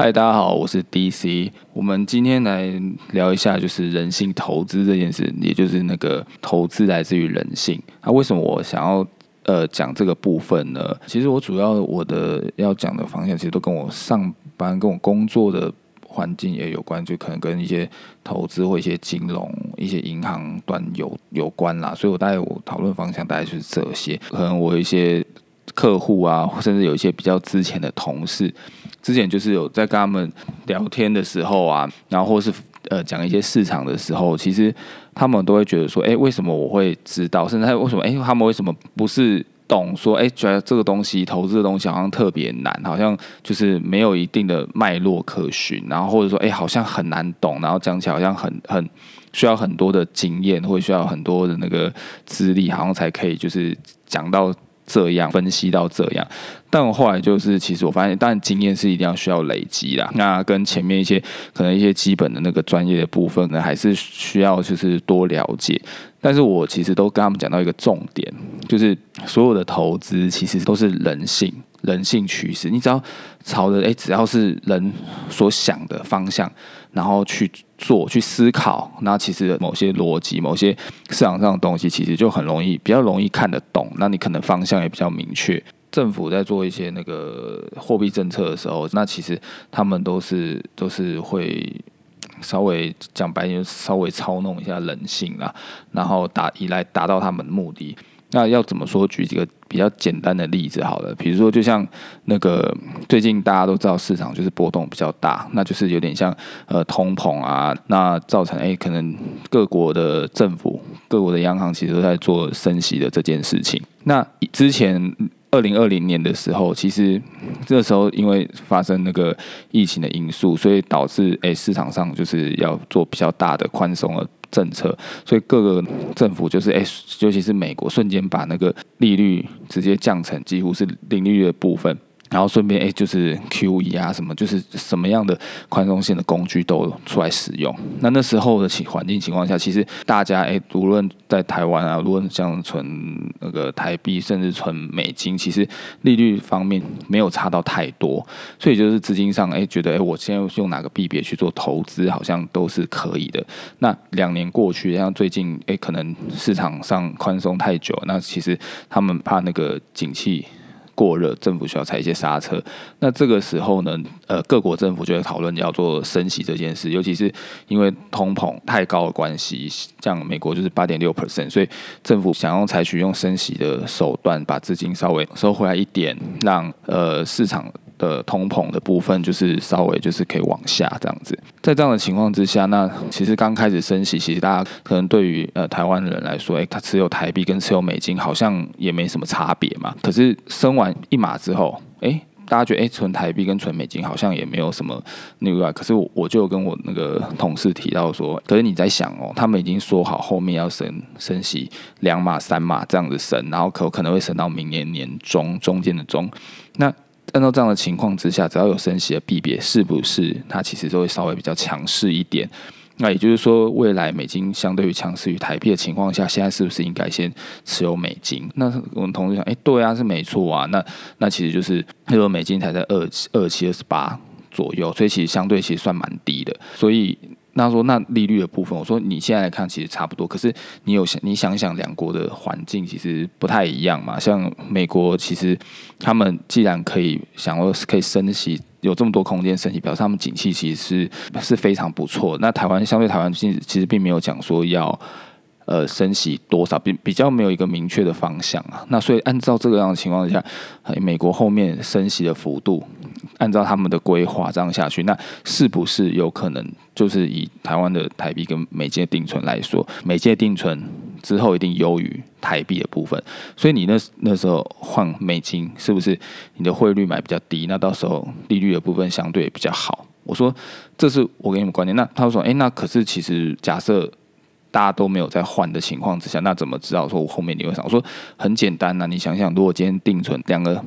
嗨，Hi, 大家好，我是 DC。我們今天來聊一下，就是人性投資這件事，也就是那個投資來自於人性。那、啊、為什麼我想要呃講這個部分呢？其實我主要我的要講的方向，其實都跟我上班跟我工作的環境也有關，就可能跟一些投資或一些金融、一些銀行端有有關啦。所以，我大概我討論方向大概就是這些。可能我一些客戶啊，甚至有一些比較之前的同事。之前就是有在跟他們聊天的時候啊，然後或是呃講一些市場的時候，其實他們都會覺得說，哎、欸，為什麼我會知道？甚至他為什麼，哎、欸，他們為什麼不是懂？說，哎、欸，覺得這個東西投資的東西好像特別難，好像就是沒有一定的脈絡可循，然後或者說，哎、欸，好像很難懂，然後講起來好像很很需要很多的經驗，或者需要很多的那個資歷，好像才可以就是講到。這樣分析到這樣，但我後來就是，其實我發現，當然經驗是一定要需要累積啦。那跟前面一些可能一些基本的那個專業的部分呢，還是需要就是多了解。但是我其實都跟他們講到一個重點，就是所有的投資其實都是人性、人性趨勢。你只要朝着誒、欸，只要是人所想的方向。然後去做、去思考，那其實某些邏輯、某些市場上的東西，其實就很容易、比較容易看得懂。那你可能方向也比較明確。政府在做一些那個貨幣政策的時候，那其實他們都是都是會稍微講白點，稍微操弄一下人性啦，然後達以來達到他們的目的。那要怎麼說？舉幾個比較簡單的例子好了，比如說，就像那個最近大家都知道市場就是波動比較大，那就是有點像呃通膨啊，那造成誒、欸、可能各國的政府、各國的央行其實都在做升息的這件事情。那之前。二零二零年的時候，其實這時候因為發生那個疫情的因素，所以導致誒、欸、市場上就是要做比較大的寬鬆的政策，所以各個政府就是誒、欸，尤其是美國，瞬間把那個利率直接降成幾乎是零利率的部分。然後順便哎，就是 QE 啊，什麼就是什麼樣的寬鬆性的工具都出來使用。那那時候的情環境情況下，其實大家哎，無論在台灣啊，無論像存那個台幣，甚至存美金，其實利率方面沒有差到太多，所以就是資金上哎，覺得哎，我現在用哪個幣別去做投資，好像都是可以的。那兩年過去，像最近哎，可能市場上寬鬆太久，那其實他們怕那個景氣。過熱，政府需要踩一些剎車。那這個時候呢，呃，各國政府就會討論要做升息這件事，尤其是因為通膨太高的關係，像美國就是八點六 percent，所以政府想要採取用升息的手段，把資金稍微收回來一點，讓呃市場。的通膨的部分就是稍微就是可以往下這樣子，在這樣的情況之下，那其實剛開始升息，其實大家可能對於呃台灣人來說，哎、欸，他持有台幣跟持有美金好像也沒什麼差別嘛。可是升完一碼之後，哎、欸，大家覺得哎，存、欸、台幣跟存美金好像也沒有什麼那個。可是我，我就就跟我那個同事提到說，可是你在想哦，他們已經說好後面要升升息兩碼三碼這樣子升，然後可可能會升到明年年中中間的中，那。按照這樣的情況之下，只要有升息的幣別，是不是它其實就會稍微比較強勢一點？那、啊、也就是說，未來美金相對於強勢於台幣的情況下，現在是不是應該先持有美金？那我們同事想，哎、欸，對啊，是沒錯啊。那那其實就是因為美金才在二二七二十八左右，所以其實相對其實算蠻低的。所以。他說：“那利率的部分，我說你現在來看其實差不多。可是你有你想想，兩國的環境其實不太一樣嘛。像美國，其實他們既然可以想說可以升息，有這麼多空間升息，表示他們景氣其實是是非常不錯。那台灣相對台灣，其實其實並沒有講說要呃升息多少，並比，比較沒有一個明確的方向啊。那所以按照這個樣的情況下，美國後面升息的幅度。”按照他們的規劃這樣下去，那是不是有可能就是以台灣的台幣跟美金定存來說，美金定存之後一定優於台幣的部分，所以你那那時候換美金是不是你的匯率買比較低？那到時候利率的部分相對也比較好。我說這是我給你們觀點。那他說，哎，那可是其實假設大家都沒有在換的情況之下，那怎麼知道？我說我後面你會想，我說很簡單吶、啊，你想想，如果今天定存兩個。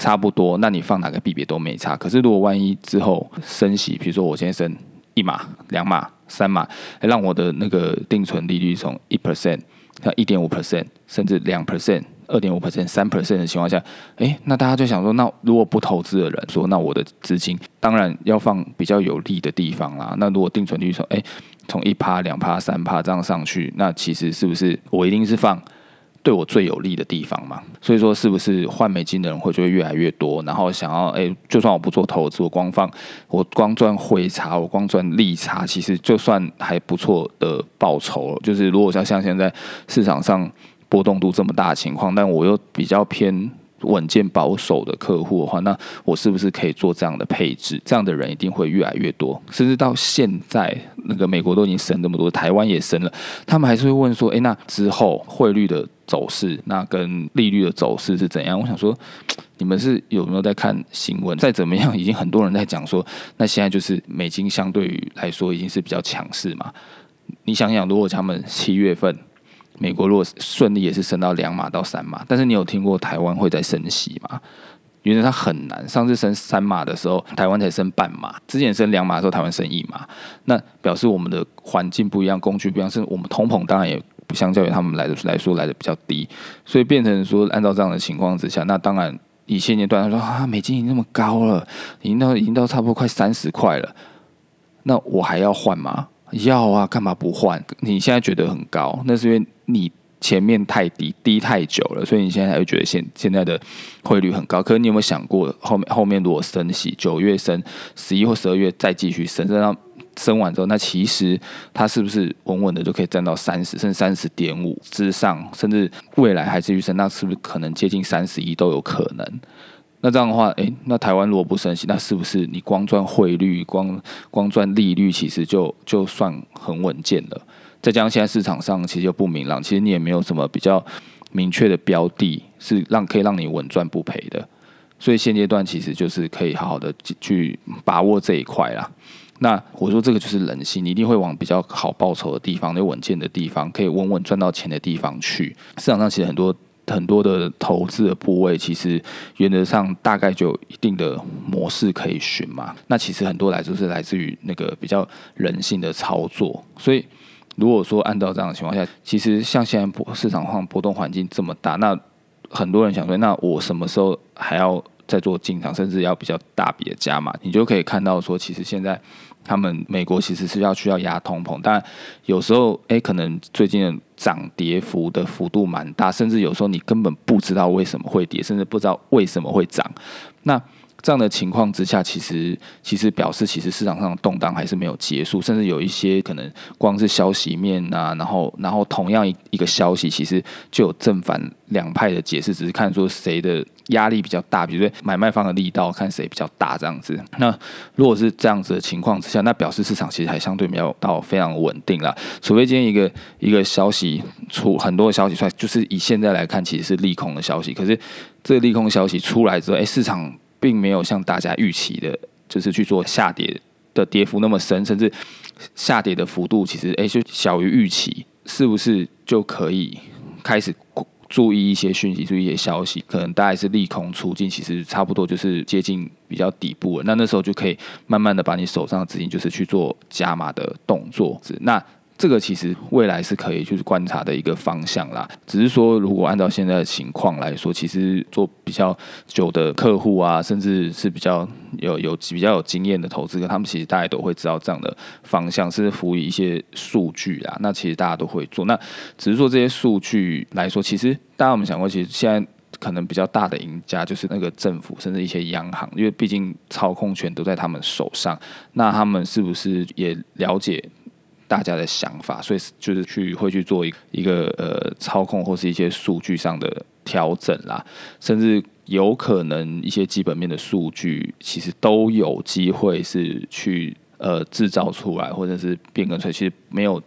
差不多，那你放哪個幣別都沒差。可是如果萬一之後升息，比如說我先升一碼、兩碼、三碼、欸，讓我的那個定存利率從一 percent 到一點五 percent，甚至兩 percent、二點五 percent、三 percent 的情況下，哎、欸，那大家就想說，那如果不投資的人說，那我的資金當然要放比較有利的地方啦。那如果定存利率從哎從一趴、兩趴、欸、、三趴這樣上去，那其實是不是我一定是放？對我最有利的地方嘛，所以說是不是換美金的人會就會越來越多？然後想要哎，就算我不做投資，我光放，我光賺匯差，我光賺利差，其實就算還不錯的報酬了。就是如果像現在市場上波動度這麼大的情況，但我又比較偏。穩健保守的客戶的話，那我是不是可以做這樣的配置？這樣的人一定會越來越多，甚至到現在，那個美國都已經升這麼多，台灣也升了，他們還是會問說，誒，那之後匯率的走勢，那跟利率的走勢是怎樣？我想說，你們是有沒有在看新聞？再怎麼樣，已經很多人在講說，那現在就是美金相對於來說已經是比較強勢嘛。你想想，如果他們七月份。美國如果順利也是升到兩碼到三碼，但是你有聽過台灣會再升息嗎？原來它很難。上次升三碼的時候，台灣才升半碼；之前升兩碼的時候，台灣升一碼。那表示我們的環境不一樣，工具不一樣，甚至我們通膨，當然也不相較於他們來的，來的來說來的比較低。所以變成說，按照這樣的情況之下，那當然以前一段他說啊，美金已經那麼高了，已經到已經到差不多快三十塊了，那我還要換嗎？要啊，幹嘛不換？你現在覺得很高，那是因為。你前面太低，低太久了，所以你現在會覺得現現在的匯率很高。可是你有沒有想過，後面後面如果升息，九月升，十一或十二月再繼續升，升到升完之後，那其實它是不是穩穩的就可以占到三十，甚至三十點五之上，甚至未來還繼續升，那是不是可能接近三十一都有可能？那這樣的話，欸，那台灣如果不升息，那是不是你光賺匯率，光光賺利率，其實就就算很穩健了？再加上現在市場上其實就不明朗，其實你也沒有什麼比較明確的標的，是讓可以讓你穩賺不賠的。所以現階段其實就是可以好好的去把握這一塊啦。那我說這個就是人性，你一定會往比較好報酬的地方、有、那個、穩健的地方、可以穩穩賺到錢的地方去。市場上其實很多很多的投資的部位，其實原則上大概就有一定的模式可以循嘛。那其實很多來自是來自於那個比較人性的操作，所以。如果說按照這樣的情況下，其實像現在波市場上波動環境這麼大，那很多人想說，那我什麼時候還要再做進場，甚至要比較大筆的加碼。你就可以看到說，其實現在他們美國其實是要需要壓通膨，但有時候哎，可能最近漲跌幅的幅度蠻大，甚至有時候你根本不知道為什麼會跌，甚至不知道為什麼會漲，那。這樣的情況之下，其實其實表示，其實市場上的動盪還是沒有結束，甚至有一些可能光是消息面啊，然後然後同樣一一個消息，其實就有正反兩派的解釋，只是看說誰的壓力比較大，比如說買賣方的力道看誰比較大這樣子。那如果是這樣子的情況之下，那表示市場其實還相對沒有到非常穩定啦，除非今天一個一個消息出很多的消息出來，就是以現在來看，其實是利空的消息，可是這個利空消息出來之後，哎，市場並沒有像大家預期的，就是去做下跌的跌幅那麼深，甚至下跌的幅度其實哎、欸、就小於預期，是不是就可以開始注意一些訊息，注意一些消息？可能大概是利空出盡，其實差不多就是接近比較底部了。那那時候就可以慢慢的把你手上的資金就是去做加碼的動作。那這個其實未來是可以就是觀察的一個方向啦，只是說如果按照現在的情況來說，其實做比較久的客戶啊，甚至是比較有有比較有經驗的投資者，他們其實大家都會知道這樣的方向是輔以一些數據啊。那其實大家都會做，那只是說這些數據來說，其實大家有沒有想過，其實現在可能比較大的贏家就是那個政府，甚至一些央行，因為畢竟操控權都在他們手上。那他們是不是也了解？大家的想法，所以就是去會去做一個一個呃操控，或是一些數據上的調整啦，甚至有可能一些基本面的數據，其實都有機會是去呃製造出來，或者是變更出來。其實沒有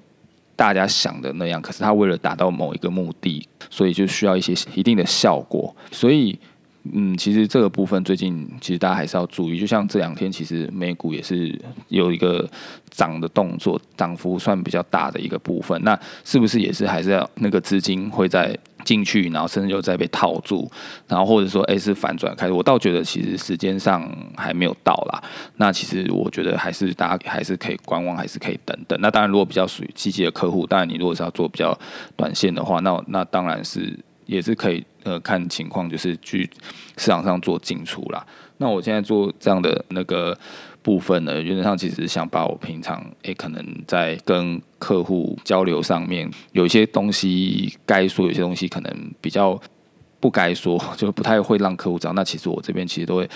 大家想的那樣，可是他為了達到某一個目的，所以就需要一些一定的效果，所以。嗯，其實這個部分最近其實大家還是要注意，就像這兩天其實美股也是有一個漲的動作，漲幅算比較大的一個部分。那是不是也是還是要那個資金會再進去，然後甚至又再被套住，然後或者說哎、欸、是反轉開始？我倒覺得其實時間上還沒有到啦。那其實我覺得還是大家還是可以觀望，還是可以等等。那當然，如果比較屬於積極的客戶，當然你如果是要做比較短線的話，那那當然是。也是可以，呃，看情況，就是去市場上做進出啦。那我現在做這樣的那個部分呢，原則上其實想把我平常也、欸、可能在跟客戶交流上面，有一些東西該說，有些東西可能比較。不該說，就不太會讓客戶知道。那其實我這邊其實都會，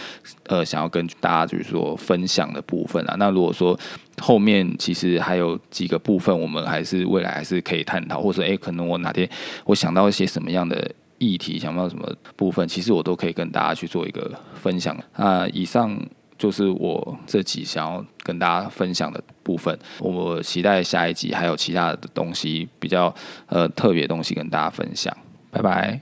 呃，想要跟大家就是說分享的部分啊。那如果說後面其實還有幾個部分，我們還是未來還是可以探討，或者誒可能我哪天我想到一些什麼樣的議題，想到什麼部分，其實我都可以跟大家去做一個分享。那、呃、以上就是我這集想要跟大家分享的部分。我期待下一集還有其他的東西比較呃特別的東西跟大家分享。拜拜。